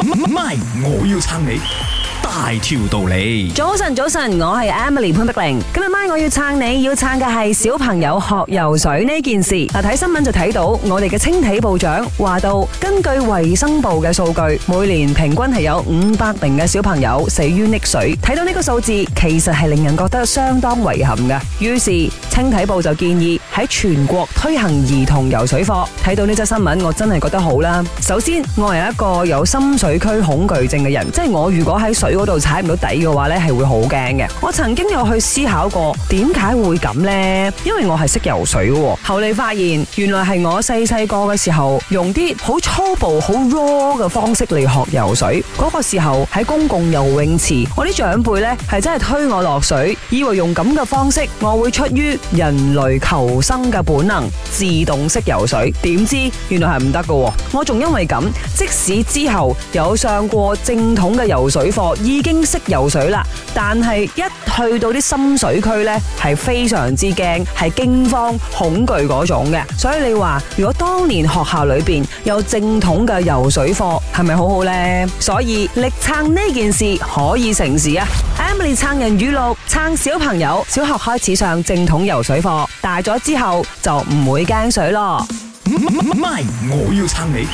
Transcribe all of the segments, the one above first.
賣！Ide，我要撐你。大條道理，早晨早晨，我係 Emily 潘碧玲。今日晚我要撐你，要撐嘅係小朋友學游水呢件事。嗱，睇新聞就睇到我哋嘅青體部長話到，根據衛生部嘅數據，每年平均係有五百名嘅小朋友死於溺水。睇到呢個數字，其實係令人覺得相當遺憾嘅。於是青體部就建議喺全國推行兒童游水課。睇到呢則新聞，我真係覺得好啦。首先，我係一個有深水區恐懼症嘅人，即係我如果喺水。嗰度踩唔到底嘅話咧，係會好驚嘅。我曾經有去思考過，點解會咁咧？因為我係識游水嘅。後嚟發現，原來係我細細個嘅時候，用啲好粗暴、好 raw 嘅方式嚟學游水。嗰個時候喺公共游泳池，我啲長輩咧係真係推我落水，以為用咁嘅方式，我會出於人類求生嘅本能，自動識游水。點知原來係唔得嘅。我仲因為咁，即使之後有上過正統嘅游水課。已經識游水啦，但係一去到啲深水區呢，係非常之驚，係驚慌恐懼嗰種嘅。所以你話，如果當年學校裏邊有正統嘅游水課，係咪好好呢？所以力撐呢件事可以成事啊！Emily 撐人語錄，撐小朋友，小學開始上正統游水課，大咗之後就唔會驚水咯。唔係，我要撐你，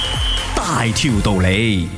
大條道理。